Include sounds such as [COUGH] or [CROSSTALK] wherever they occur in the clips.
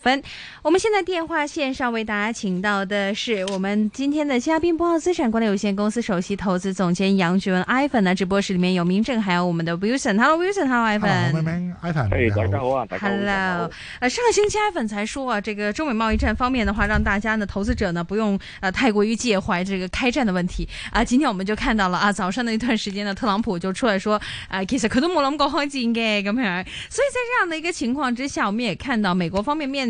分，我們現在電話綫上為大家請到的是我們今天的嘉賓，博奧資產管理有限公司首席投資總監楊俊文。iPhone 呢，直播室裏面有明正，還有我們的、Wilson、hello, Wilson hello, hello, hey, hello.、呃。Hello，Wilson。Hello，iPhone Hello，大家好啊，上個星期 iPhone 才說啊，這個中美貿易戰方面的話，讓大家呢投資者呢不用呃太過於介懷這個開戰的問題啊、呃。今天我們就看到了啊，早上的一段時間呢，特朗普就出來說啊、呃，其實佢都冇諗過開戰嘅咁樣。所以在這樣的一個情況之下，我們也看到美國方面面。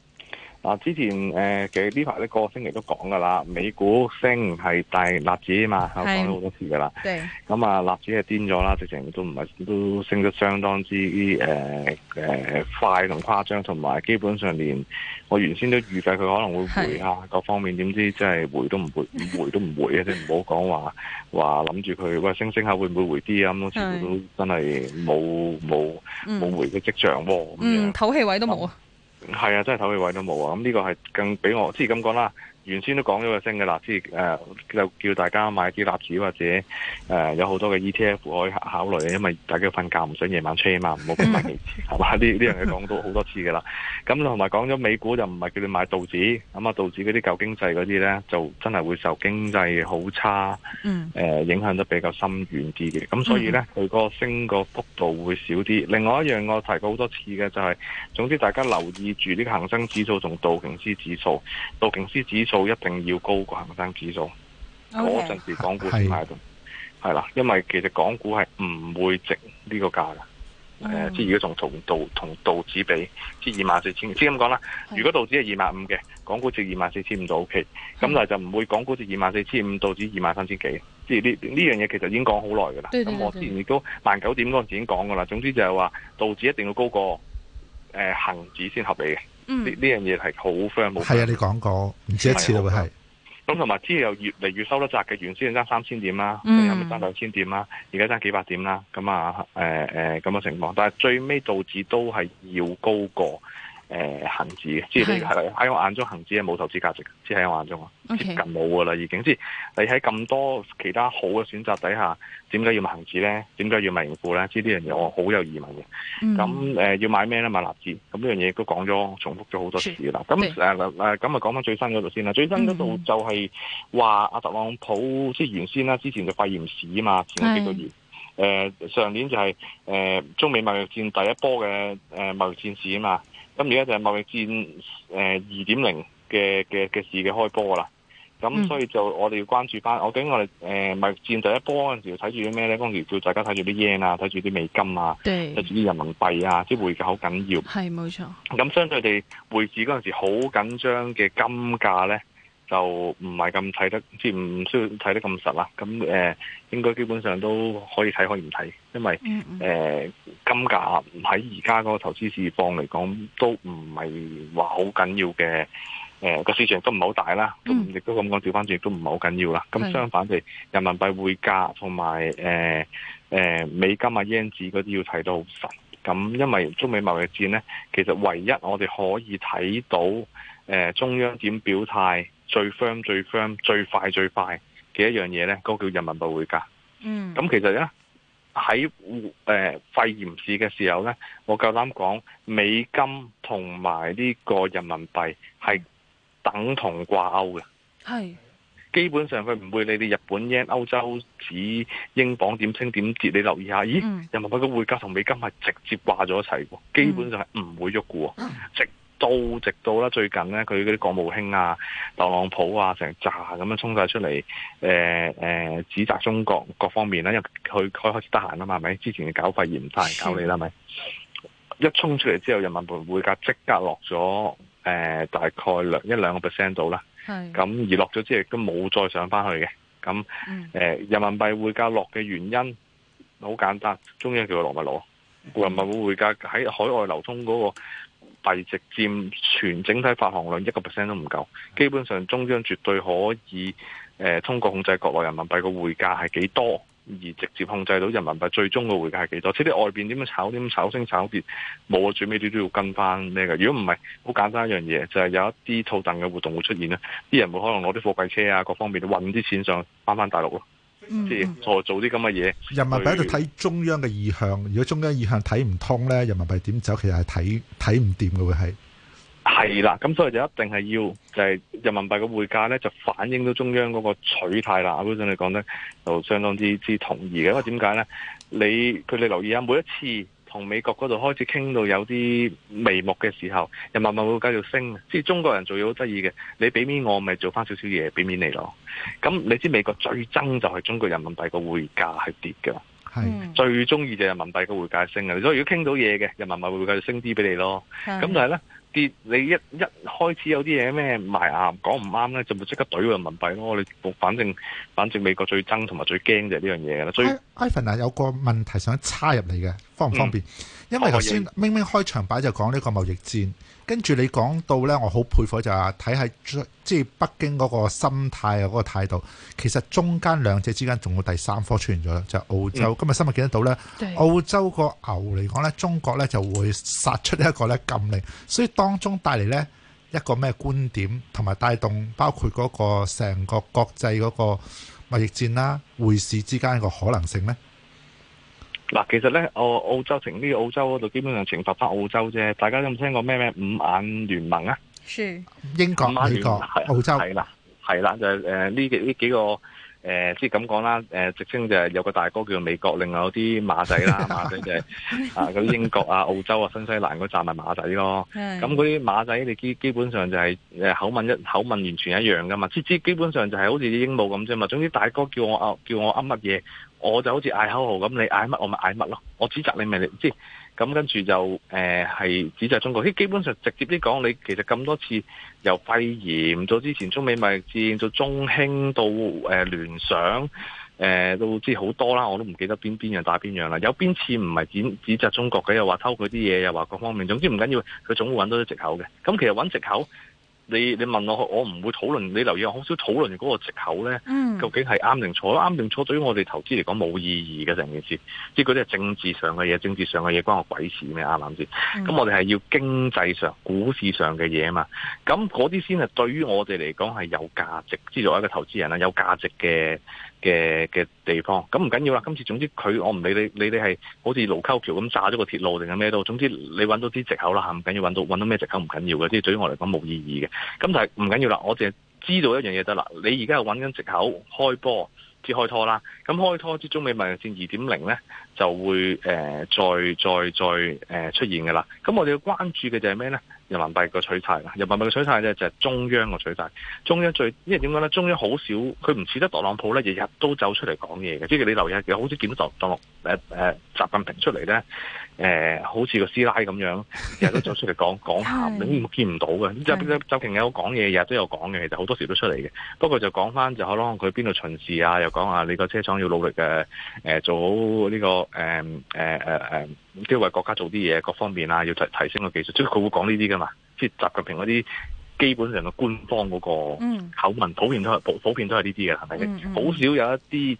啊！之前誒其實呢排呢個星期都講噶啦，美股升係大納指啊嘛，我講咗好多次噶啦。咁啊、嗯，納指係癲咗啦，直情都唔係都升得相當之誒誒、呃呃、快同誇張，同埋基本上連我原先都預計佢可能會回呀、啊。各方面，點知真係回都唔回， [LAUGHS] 回都唔回啊！即唔好講話話諗住佢喂升升下會唔會回啲咁，全部都真係冇冇冇回嘅跡象喎。嗯，唞、啊嗯嗯、氣位都冇啊。嗯係啊，真係頭尾位都冇啊！咁、嗯、呢、這個係更俾我，即係咁講啦。原先都講咗個升嘅啦，即係誒，就、呃、叫大家買啲納指或者誒、呃，有好多嘅 ETF 可以考慮。因為大家瞓覺唔想夜晚吹啊嘛，唔好咁大其次係嘛？呢 [LAUGHS] 呢樣嘢講到好多次噶啦。咁同埋講咗美股就唔係叫你買道指，咁、嗯、啊道指嗰啲舊經濟嗰啲咧，就真係會受經濟好差誒、呃、影響得比較深遠啲嘅。咁、嗯、 [LAUGHS] 所以咧，佢個升個幅度會少啲。另外一樣我提過好多次嘅就係、是，總之大家留意住呢個恒生指數同道瓊斯指數，道瓊斯指數一定要高過恒生指數，嗰、okay, 陣時港股先買到，係啦，因為其實港股係唔會值呢個價嘅，誒、okay. 呃，即係而家仲同道同道,道指比，即係二萬四千，即係咁講啦。如果道指係二萬五嘅，港股值二萬四千五就 OK，咁但係就唔會港股值二萬四千五，道指二萬三千幾。即係呢呢樣嘢其實已經講好耐噶啦，咁我之前亦都萬九點嗰陣時已經講噶啦。總之就係話道指一定要高過。誒、呃，恆指先合理嘅，呢呢樣嘢係好 firm 冇？係啊，firm, 你講過唔止一次啦，係、啊。咁同埋之後又越嚟越收得窄嘅，原先爭三千點啦，又咪爭兩千點啦，而家爭幾百點啦，咁啊，誒誒咁嘅情況，但係最尾道指都係要高過。誒、呃、恆指嘅，即係喺我眼中恒指係冇投資價值，只喺我眼中啊，okay。接近冇噶啦，已經即係你喺咁多其他好嘅選擇底下，點解要買恒指咧？點解要買盈富咧？知呢樣嘢我好有疑問嘅。咁、嗯、誒、呃、要買咩咧？買納指。咁呢樣嘢都講咗，重複咗好多次啦。咁誒誒咁啊，講翻、呃呃呃呃呃、最新嗰度先啦。最新嗰度就係話阿特朗普即係原先啦，之前就肺炎市啊嘛，前幾個月。誒、呃、上年就係、是、誒、呃、中美貿易戰第一波嘅誒、呃、貿易戰市啊嘛。咁而家就係貿易戰誒二點零嘅嘅嘅市嘅開波啦，咁所以就我哋要關注翻。我覺得我哋誒貿易戰第一波嗰陣時要睇住啲咩咧？當然叫大家睇住啲 yen 啊，睇住啲美金啊，對。睇住啲人民幣啊，啲匯價好緊要。係冇錯。咁相對地，匯市嗰陣時好緊張嘅金價咧，就唔係咁睇得，即唔需要睇得咁實啦。咁誒、呃，應該基本上都可以睇可以唔睇，因為誒、mm. 呃、金價唔喺而家嗰個投資市況嚟講，都唔係話好緊要嘅。誒、呃、個市場都唔係好大啦，mm. 亦都咁講調翻轉亦都唔係好緊要啦。咁相反地，人民幣匯價同埋誒美金啊、日圓嗰啲要睇到實。咁因為中美貿易戰呢，其實唯一我哋可以睇到誒、呃、中央點表態。最 firm、最 firm、最快、最快嘅一樣嘢呢，嗰、嗰個叫人民幣匯價。嗯，咁其實呢，喺誒、呃、肺炎市嘅時候呢，我夠膽講美金同埋呢個人民幣係等同掛鈎嘅。係，基本上佢唔會你哋日本 yen、歐洲指、英鎊點升點跌你留意下。咦，嗯、人民幣嘅匯價同美金係直接掛咗一齊喎，基本上係唔會喐嘅喎，嗯哦到直到啦最近咧，佢嗰啲國務卿啊、特朗普啊，成炸咁樣衝晒出嚟，誒、呃呃、指責中國各方面咧，因佢開始得閒啊嘛，係咪？之前嘅搞肺炎唔得閒搞你啦，咪？一衝出嚟之後，人民幣會價即刻落咗，誒、呃，大概兩一兩個 percent 度啦。咁而落咗之後都冇再上翻去嘅。咁、呃、人民幣會價落嘅原因好簡單，中央叫做攞咪攞，人民幣會價喺海外流通嗰、那個。幣直佔全整體發行量一個 percent 都唔夠，基本上中央絕對可以誒、呃、通過控制國內人民幣個匯價係幾多，而直接控制到人民幣最終個匯價係幾多。即係外邊點樣炒，點炒升炒跌，冇最尾都要跟翻咩嘅。如果唔係，好簡單一樣嘢就係、是、有一啲套戥嘅活動會出現，呢啲人會可能攞啲貨櫃車啊，各方面運啲錢上翻翻大陸咯。即係做做啲咁嘅嘢，人民幣喺度睇中央嘅意向。如果中央意向睇唔通咧，人民幣點走？其實係睇睇唔掂嘅會係係啦。咁所以就一定係要就係、是、人民幣嘅匯價咧，就反映到中央嗰個取態啦。咁樣你講得就相當之之同意嘅。因為點解咧？你佢哋留意下每一次。同美國嗰度開始傾到有啲眉目嘅時候，人人點點人人，人民幣會繼續升。即係中國人做嘢好得意嘅，你俾面我，咪做翻少少嘢俾面你咯。咁你知美國最憎就係中國人民幣個匯價係跌㗎，係最中意就係人民幣個匯價升嘅。所以如果傾到嘢嘅，人民幣會繼續升啲俾你咯。咁但係咧。啲你一一開始有啲嘢咩賣啱講唔啱咧，就會即刻懟個人民幣咯。你反正反正美國最憎同埋最驚就係呢樣嘢啦。所以 Ivan 啊有個問題想插入嚟嘅，方唔方便？嗯、因為頭先、嗯、明明開場白就講呢個貿易戰，跟住你講到咧，我好佩服就係睇下，即係北京嗰個心態啊，嗰個態度。其實中間兩者之間仲有第三科出現咗啦，就係、是、澳洲。嗯、今日新聞見得到咧，澳洲個牛嚟講咧，中國咧就會殺出一個咧禁令，所以。當中帶嚟呢一個咩觀點，同埋帶動包括嗰個成個國際嗰個貿易戰啦、匯市之間嘅個可能性呢。嗱，其實呢澳澳洲成呢，澳洲嗰度基本上懲罰翻澳洲啫。大家有冇聽過咩咩五眼聯盟啊？是英國、美國、澳洲係啦，係啦，就係誒呢幾呢幾個。誒、呃，即係咁講啦，誒、呃，直稱就係有個大哥叫做美國，另外有啲馬仔啦， [LAUGHS] 馬仔就係、是、 [LAUGHS] 啊，啲英國啊、澳洲啊、新西蘭嗰紮埋馬仔咯。咁嗰啲馬仔，你基基本上就係口吻一口吻完全一樣噶嘛，即基基本上就係好似啲鸚鵡咁啫嘛。總之大哥叫我啊叫我噏乜嘢，我就好似嗌口號咁，你嗌乜我咪嗌乜咯，我指責你咪你即。咁跟住又誒係、呃、指責中國，基本上直接啲講，你其實咁多次由肺炎，到之前中美貿易戰到中興到誒、呃、聯想誒、呃、都知好多啦，我都唔記得邊邊樣打邊樣啦，有邊次唔係指指責中國嘅，又話偷佢啲嘢，又話各方面，總之唔緊要，佢總會搵到啲藉口嘅。咁其實搵藉口。你你問我，我唔會討論，你留意我，我好少討論嗰個藉口咧，究竟係啱定錯啱定錯？嗯、對於我哋投資嚟講冇意義嘅成件事，即係嗰啲係政治上嘅嘢，政治上嘅嘢關我鬼事咩？啱唔啱先？咁、嗯、我哋係要經濟上、股市上嘅嘢啊嘛，咁嗰啲先係對於我哋嚟講係有價值，即係作為一個投資人啊，有價值嘅。嘅嘅地方咁唔緊要啦。今次總之佢，我唔理你，你哋係好似盧溝橋咁炸咗個鐵路定係咩都。總之你搵到啲藉口啦，唔緊要搵到，搵到咩藉口唔緊要嘅，即係對於我嚟講冇意義嘅。咁但係唔緊要啦，我淨係知道一樣嘢得啦。你而家係搵緊藉口開波，至開拖啦。咁開拖之中美文用線二點零咧就會誒再再再誒出現㗎啦。咁我哋要關注嘅就係咩咧？人民幣個取態啦，人民幣個取態咧就係中央個取態，中央最因為點講咧？中央好少，佢唔似得特朗普咧，日日都走出嚟講嘢嘅。即係你留意下，其實你好少見到習習，誒誒，習近平出嚟咧。誒、呃、好似個師奶咁樣，日日都走出嚟講講下，你都見唔到嘅。就習近平有講嘢，日日都有講嘅，其實好多時都出嚟嘅。不過就講返就可能佢邊度巡視啊，又講啊，你個車廠要努力嘅、呃，做好呢、呢個誒誒誒誒，即、呃、係、呃呃呃、為國家做啲嘢，各方面啊要提提升個技術，即係佢會講呢啲㗎嘛。即係習近平嗰啲基本上嘅官方嗰個口吻普遍、嗯、都係普普遍都係呢啲嘅，係咪？好、嗯嗯、少有一啲。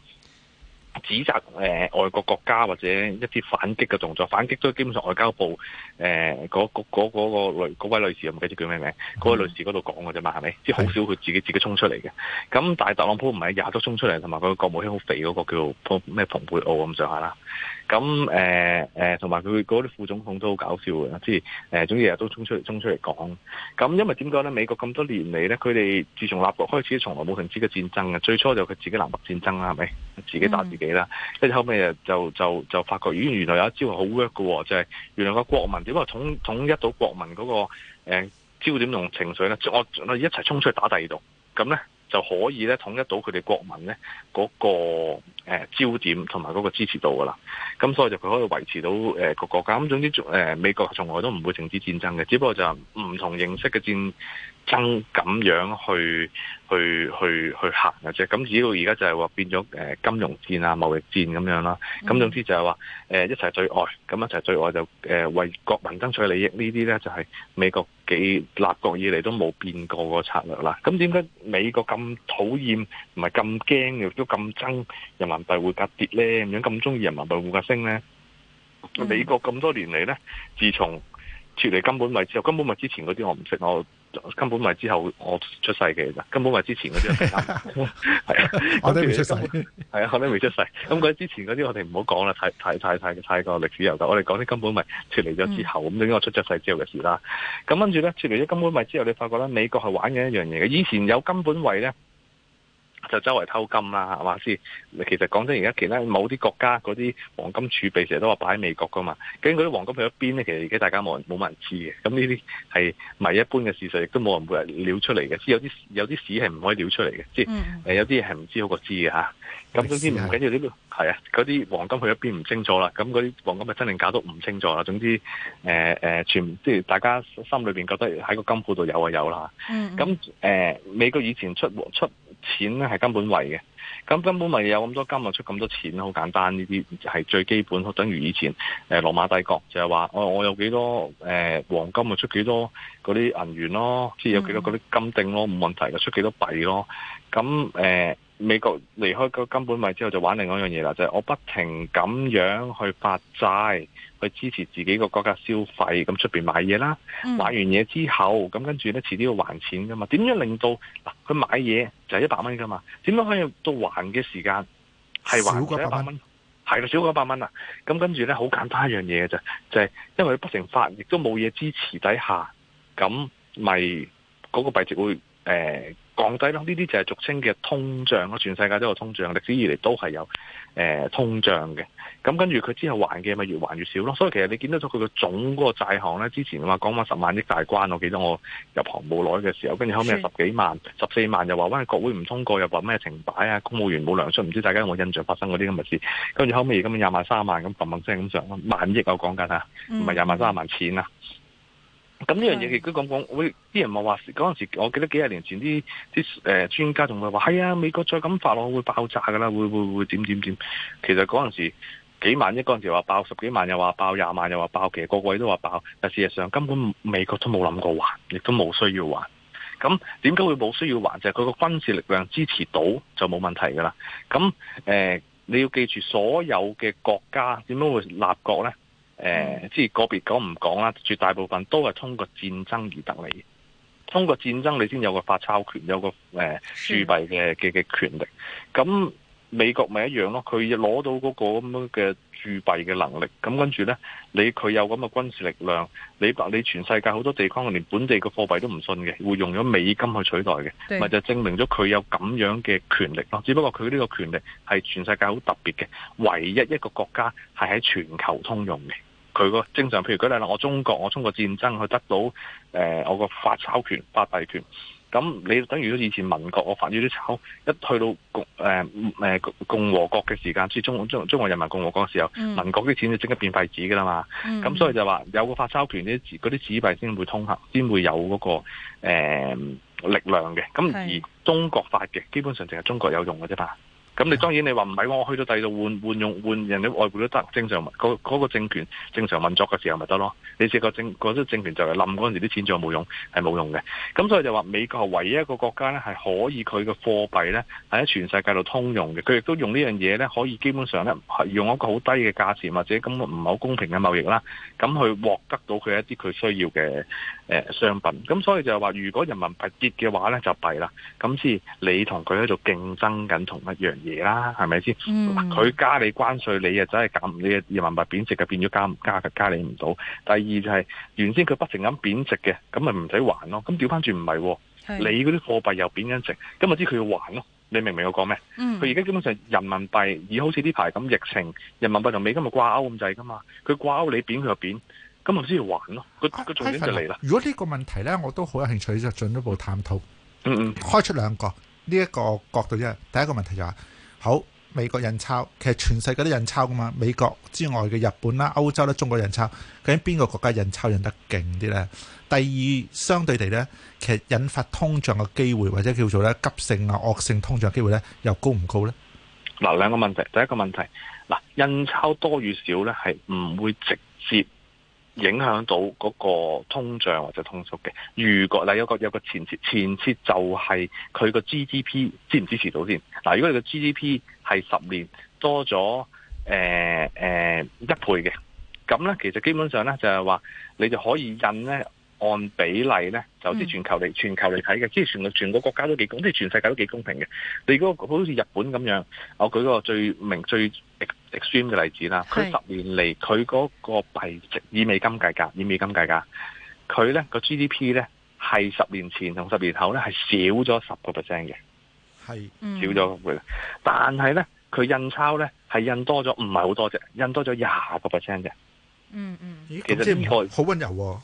指責誒、呃、外國國家或者一啲反擊嘅動作，反擊都基本上外交部誒嗰嗰嗰女位女士，我唔記得叫咩名，嗰、mm-hmm. 位女士嗰度講嘅啫嘛，係咪？即好少佢自己自己衝出嚟嘅。咁但係特朗普唔係廿都衝出嚟，同埋佢個國務卿好肥嗰個叫咩蓬佩奧咁上下啦。咁誒誒，同埋佢嗰啲副總統都好搞笑嘅，即係誒總之日日都衝出嚟，衝出嚟講。咁因為點講咧？美國咁多年嚟咧，佢哋自從立國開始，從來冇停止嘅戰爭。最初就佢自己南北戰爭啦，係咪？自己打自己啦。跟、嗯、住後尾就就就、就發覺咦、呃，原來有一招好 work 嘅，就係、是、原來個國民點解統統一到國民嗰、那個、呃、焦點同情緒咧？我我一齊衝出去打第二度，咁咧。就可以咧統一到佢哋國民咧嗰個焦點同埋嗰個支持度噶啦，咁所以就佢可以維持到誒個國家。咁總之誒美國從來都唔會停止戰爭嘅，只不過就唔同形式嘅戰爭咁樣去去去去，去行嘅啫。咁只要而家就係話變咗金融戰啊、貿易戰咁樣啦。咁總之就係話一齊對外，咁一齊對外就誒為國民爭取利益。呢啲咧就係美國。你立國以嚟都冇變過個策略啦，咁點解美國咁討厭同埋咁驚，亦都咁憎人民幣匯價跌咧，咁樣咁中意人民幣匯價升咧？美國咁多年嚟咧，自從脱離根本位之後，根本位之前嗰啲我唔識我。根本位之後我出世嘅，根本位之前嗰啲嚟啊，我都未出世，係啊，我都未出世。咁佢之前嗰啲我哋唔好講啦，太太太太太過歷史悠久。我哋講啲根本位脱離咗之後，咁就應該我出咗世之後嘅事啦。咁跟住咧，脱離咗根本位之後，你發覺咧，美國係玩緊一樣嘢嘅。以前有根本位咧。就周圍偷金啦，係嘛？先？其實講真，而家其他某啲國家嗰啲黃金儲備成日都話擺喺美國噶嘛，究竟嗰啲黃金去咗邊咧？其實而家大家冇人，冇乜人知嘅。咁呢啲係唔係一般嘅事實，亦都冇人會嚟料出嚟嘅。即有啲有啲史係唔可以料出嚟嘅。即係、嗯呃、有啲嘢係唔知好過知嘅嚇。咁總之唔緊要啲，係啊，嗰啲黃金去咗邊唔清楚啦。咁嗰啲黃金咪真定搞都唔清楚啦。總之誒誒、呃呃，全即係大家心裏邊覺得喺個金庫度有啊有啦。咁、嗯、誒、呃，美國以前出出。錢呢，係根本嚟嘅。咁根本咪有咁多金咪出咁多錢，好簡單，呢啲係最基本，等於以前誒羅馬帝國就係話，我我有幾多誒、呃、黃金咪出幾多嗰啲銀元咯，即係有幾多嗰啲金錠咯，唔問題嘅出幾多幣咯。咁誒、呃、美國離開個根本咪之後就玩另外一樣嘢啦，就係、是、我不停咁樣去發債去支持自己個國家消費，咁出面買嘢啦，買完嘢之後咁跟住咧遲啲要還錢噶嘛。點樣令到嗱佢買嘢就係一百蚊㗎嘛？點樣可以到還嘅時間係還唔到一百蚊，係啦，少咗一百蚊啊！咁跟住咧，好簡單一樣嘢嘅啫，就係、是、因為不成發，亦都冇嘢支持底下，咁咪嗰個幣值會誒、呃、降低咯。呢啲就係俗稱嘅通脹咯，全世界都有通脹，歷史以嚟都係有誒、呃、通脹嘅。咁跟住佢之後還嘅咪越還越少咯，所以其實你見到咗佢個總嗰個債項咧，之前話講翻十萬億大關，我記得我入行冇耐嘅時候，跟住後尾十幾萬、十四萬又話，喂為國會唔通過，又話咩停擺啊，公務員冇糧出，唔知大家有冇印象發生嗰啲咁嘅事，跟住後尾而家廿萬三萬咁嘭嘭聲咁上咯，萬億我講緊嚇，唔係廿萬三萬錢啊，咁呢樣嘢亦都講講喂啲人咪話嗰陣時，我記得幾廿年前啲啲誒專家仲會話係啊，美國再咁發落會爆炸噶啦，會會會點點點，其實嗰陣時。幾萬億嗰陣時話爆，十幾萬又爆，二萬，又話爆廿萬，又話爆，其實個個位都話爆，但事實上根本美國都冇諗過還，亦都冇需要還。咁點解會冇需要還？就係佢個軍事力量支持到就冇問題噶啦。咁誒、呃，你要記住，所有嘅國家點解會立國呢誒、呃嗯，即係個別講唔講啦，絕大部分都係通過戰爭而得嚟。通過戰爭你先有個發鈔權，有個誒鑄幣嘅嘅嘅權力。咁美國咪一樣咯，佢攞到嗰個咁樣嘅鑄幣嘅能力，咁跟住呢，你佢有咁嘅軍事力量，你你全世界好多地方連本地嘅貨幣都唔信嘅，會用咗美金去取代嘅，咪就是，證明咗佢有咁樣嘅權力咯。只不過佢呢個權力係全世界好特別嘅，唯一一個國家係喺全球通用嘅。佢個正常，譬如舉例啦，我中國我通過戰爭去得到誒我個發鈔權發幣權。咁你等於以前民國，我發咗啲鈔，一去到共誒誒共和國嘅時間，即係中中中華人民共和國嘅時候，嗯、民國啲錢就整得變廢紙噶啦嘛。咁、嗯、所以就話有個發鈔權啲嗰啲紙幣先會通行，先會有嗰、嗰個、呃、力量嘅。咁而中國發嘅，基本上淨係中國有用嘅啫嘛。咁你當然你話唔係，我去到第二度換換用換人哋外匯都得，正常嗰、嗰個政權正常運作嘅時候咪得咯？你借、嗰個政嗰啲政權就係冧嗰陣時，啲錢仲冇用，係冇用嘅。咁所以就話美國唯一一個國家咧，係可以佢嘅貨幣咧係喺全世界度通用嘅。佢亦都用呢樣嘢咧，可以基本上咧用一個好低嘅價錢或者咁唔好公平嘅貿易啦，咁去獲得到佢一啲佢需要嘅誒商品。咁所以就係話，如果人民幣跌嘅話咧，就弊啦。咁即係你同佢喺度競爭緊同一樣嘢。啦，係咪先？佢加你關稅，你啊真係減；你嘅人民幣貶值，就變咗加唔加，加你唔到。第二就係、是、原先佢不停咁貶值嘅，咁咪唔使還咯。咁調翻轉唔係，你嗰啲貨幣又貶緊值，咁咪知佢要還咯。你明唔明我講咩？佢而家基本上人民幣，而好似呢排咁疫情，人民幣同美金咪掛鈎咁滯噶嘛？佢掛鈎你貶，佢又貶，咁咪知要還咯。個重點就嚟啦、啊。如果呢個問題咧，我都好有興趣就進一步探討。嗯嗯，開出兩個呢一、這個角度啫。第一個問題就係、是。好，美國印鈔其實全世界都印鈔噶嘛，美國之外嘅日本啦、啊、歐洲啦、啊、中國印鈔，究竟邊個國家印鈔印得勁啲呢？第二，相對地呢，其實引發通脹嘅機會，或者叫做呢急性啊惡性通脹嘅機會呢，又高唔高呢？嗱，兩個問題，第一個問題，嗱，印鈔多與少呢，係唔會直接。影響到嗰個通脹或者通縮嘅，如果嗱有個有個前設，前設就係佢個 GDP 支唔支持到先。嗱，如果你個 GDP 係十年多咗誒、呃呃、一倍嘅，咁咧其實基本上咧就係話你就可以印咧。按比例咧，就好似全球嚟，mm. 全球嚟睇嘅，即係全個全個國家都幾公，即係全世界都幾公平嘅。你嗰個好似日本咁樣，我舉個最明最 extreme 嘅例子啦。佢十年嚟，佢嗰、這個幣值以美金計價，以美金計價，佢咧個 GDP 咧係十年前同十年後咧係少咗十個 percent 嘅，係少咗倍。但係咧，佢印鈔咧係印多咗，唔係好多啫，印多咗廿個 percent 嘅。嗯嗯，其實好溫柔。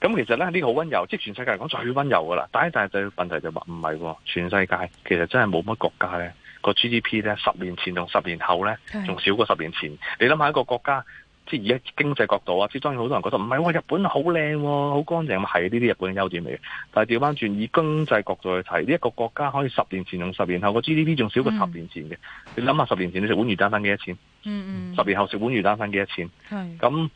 咁其實咧，呢個好溫柔，即全世界嚟講最溫柔噶啦。但係但係，就問題就話唔係喎，全世界其實真係冇乜國家咧個 GDP 咧，十年前同十年後咧，仲少過十年前。你諗下一個國家，即係而家經濟角度啊，即係當然好多人覺得唔係喎，日本好靚，好乾淨，咪係呢啲日本嘅優點嚟。但係調翻轉以經濟角度去睇，呢一、哦哦個國家可以十年前同十年後個 GDP 仲少過十年前嘅、嗯。你諗下十年前你食碗魚蛋粉幾多錢？嗯嗯、十年後食碗魚蛋粉幾多錢？咁。嗯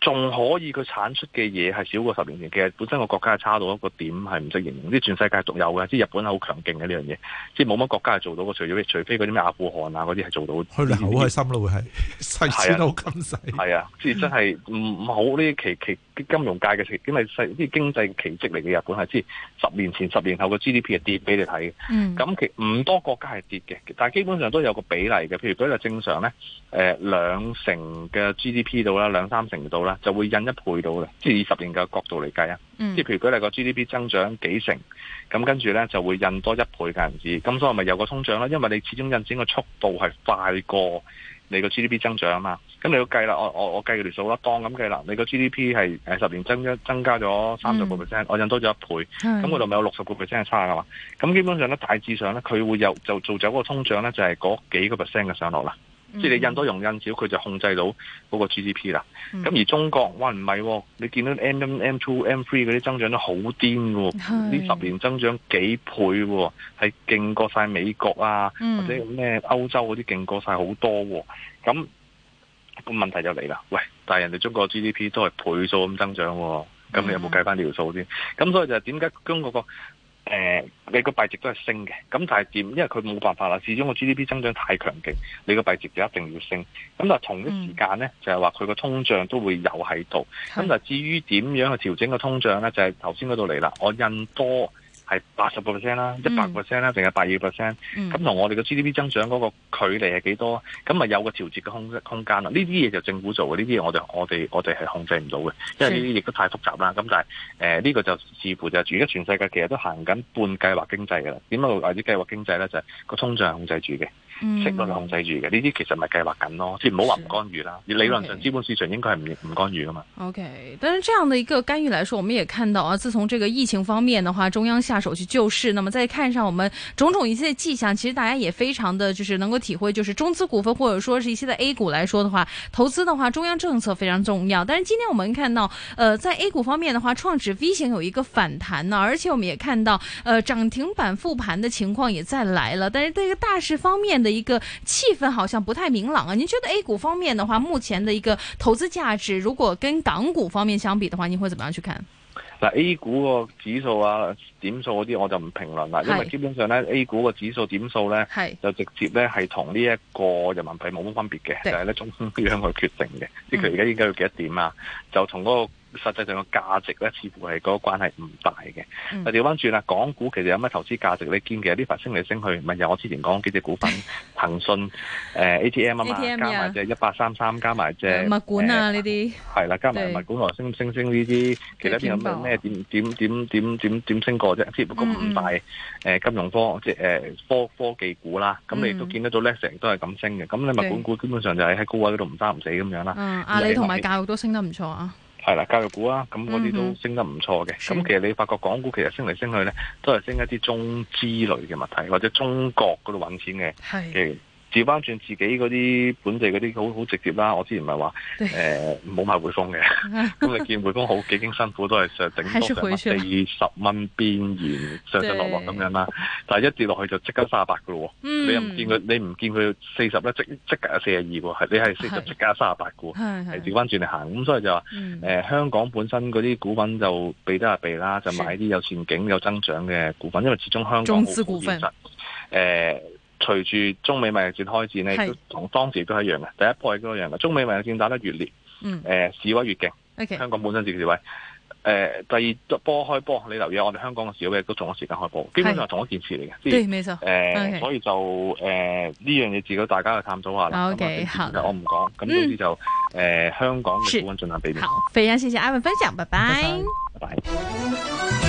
仲可以，佢產出嘅嘢係少過十年前。其實本身個國家係差到一個點，係唔識形容。啲全世界仲有嘅，即係日本係好強勁嘅呢樣嘢。即係冇乜國家係做到個除咗除非嗰啲咩阿富汗啊嗰啲係做到。佢哋好開心咯，會係世錢好金細。係啊，即係真係唔唔好呢啲奇奇金融界嘅因為世啲經濟奇蹟嚟嘅日本係即係十年前十年後嘅 GDP 係跌俾你睇嘅。咁其唔多國家係跌嘅，但係基本上都有個比例嘅。譬如舉例正常咧，誒、呃、兩成嘅 GDP 度啦，兩三成度啦，就會印一倍到啦，即係以十年嘅角度嚟計啊。即、嗯、係譬如舉例個 GDP 增長幾成，咁跟住咧就會印多一倍嘅銀紙，咁所以咪有個通脹啦。因為你始終印錢嘅速度係快過你個 GDP 增長啊嘛。咁你要計啦，我我我計條數啦，當咁計啦，你個 GDP 係誒十年增一增加咗三十個 percent，我印多咗一倍，咁我度咪有六十個 percent 嘅差啊嘛？咁基本上咧，大致上咧，佢會有就做走嗰個通脹咧，就係、是、嗰幾個 percent 嘅上，上落啦、嗯。即係你印多用印少，佢就控制到嗰個 GDP 啦。咁、嗯、而中國哇唔係，你見到 M one M two M three 嗰啲增長都好癲嘅，呢十年增長幾倍，係勁過晒美國啊，嗯，或者咩歐洲嗰啲勁過晒好多，啊。咁咁問題就嚟啦，喂！但係人哋中國 GDP 都係倍數咁增長，哦，咁你有冇計翻條數先？咁、mm. 所以就係點解將嗰個誒、呃、你個幣值都係升嘅？咁但係點？因為佢冇辦法啦，始終個 GDP 增長太強勁，你個幣值就一定要升。咁就同一時間咧、mm.，就係話佢個通脹都會有喺度。咁就至於點樣去調整個通脹咧？就係頭先嗰度嚟啦，我印多。係八十個 percent 啦，一百個 percent 啦，定係百二個 percent。咁同我哋嘅 GDP 增長嗰個距離係幾多？咁啊有個調節嘅空空間啦。呢啲嘢就政府做嘅，呢啲嘢我哋我哋我哋係控制唔到嘅，因為呢啲亦都太複雜啦。咁但係誒呢個就似乎就係而家全世界其實都行緊半計劃經濟嘅啦。點解話啲計劃經濟咧？就係個通脹係控制住嘅。嗯，息率控制住嘅呢啲其實咪計劃緊咯，即係唔好話唔干預啦。而、okay, 理論上資本市場應該係唔唔干預噶嘛。O、okay, K，但是這樣的一個干預來說，我們也看到啊，自從這個疫情方面的話，中央下手去救、就、市、是，那麼再看上我們種種一些跡象，其實大家也非常的就是能夠體會，就是中資股份或者說是一些的 A 股來說的話，投資的話中央政策非常重要。但是今天我們看到，呃，在 A 股方面的話，創指 V 型有一個反彈呢，啊，而且我們也看到，呃，漲停板複盤的情況也再來了。但是這個大勢方面的。一個氣氛好像不太明朗啊！您覺得 A 股方面的話，目前的一個投資價值，如果跟港股方面相比的話，你會怎麼樣去看？嗱，A 股個指數啊、點數嗰、啊、啲，我就唔評論啦，因為基本上呢 A 股個指數點數呢，係就直接呢係同呢一個人民幣冇乜分別嘅，但係呢中央去決定嘅，即佢而家應該要幾多點啊，嗯、就從嗰、那個。實際上個價值咧，似乎係嗰個關係唔大嘅。我調翻轉啦，港股其實有咩投資價值咧？你見其實呢份升嚟升去，唔係就我之前講幾隻股份，騰 [LAUGHS] 訊、誒 A T M 啊嘛、呃，加埋隻一八三三，加埋隻物管啊呢啲，係啦，加埋物管同埋升升升呢啲，其他啲咁樣咩點點點點點點升過啫？只不過唔大誒金融科即係誒科科技股啦。咁、嗯、你都見得到咧，成都係咁升嘅。咁、嗯、你物管股基本上就係喺高位度唔爭唔死咁樣啦。阿里同埋教育都升得唔錯啊！係啦，教育股啊，咁嗰啲都升得唔錯嘅。咁、mm-hmm. 其實你發覺港股其實升嚟升去咧，都係升一啲中資類嘅物體，或者中國嗰度揾錢嘅。調翻轉自己嗰啲本地嗰啲好好直接啦，我之前咪話誒冇買匯豐嘅，咁 [LAUGHS] 你見匯豐好幾經辛苦都係上頂多成百四十蚊邊緣上上落落咁樣啦，但係一跌落去就即刻三十八噶咯，你又唔見佢，你唔見佢四十咧即即刻有四十二喎，係你係四十即刻有三十八噶喎，返調翻轉嚟行，咁所以就話誒、嗯呃、香港本身嗰啲股份就避得下避啦，就買啲有前景有增長嘅股份，因為始終香港股市其實誒。呃隨住中美貿易戰開戰都同當時都係一樣嘅，第一波係一樣嘅。中美貿易戰打得越烈，誒、嗯呃、示威越勁，okay. 香港本身自持示威。誒、呃、第二波開波，你留意下我哋香港嘅示威都同一時間開波，基本上係同一件事嚟嘅。誒，所以,、呃 okay. 所以就誒呢、呃、樣嘢，自己大家去探索下啦。O、okay, K，、嗯、我唔講，咁呢啲就誒、呃、香港嘅新聞盡量俾你。好，肥欣，謝謝阿文分享，拜拜，拜拜。拜拜拜拜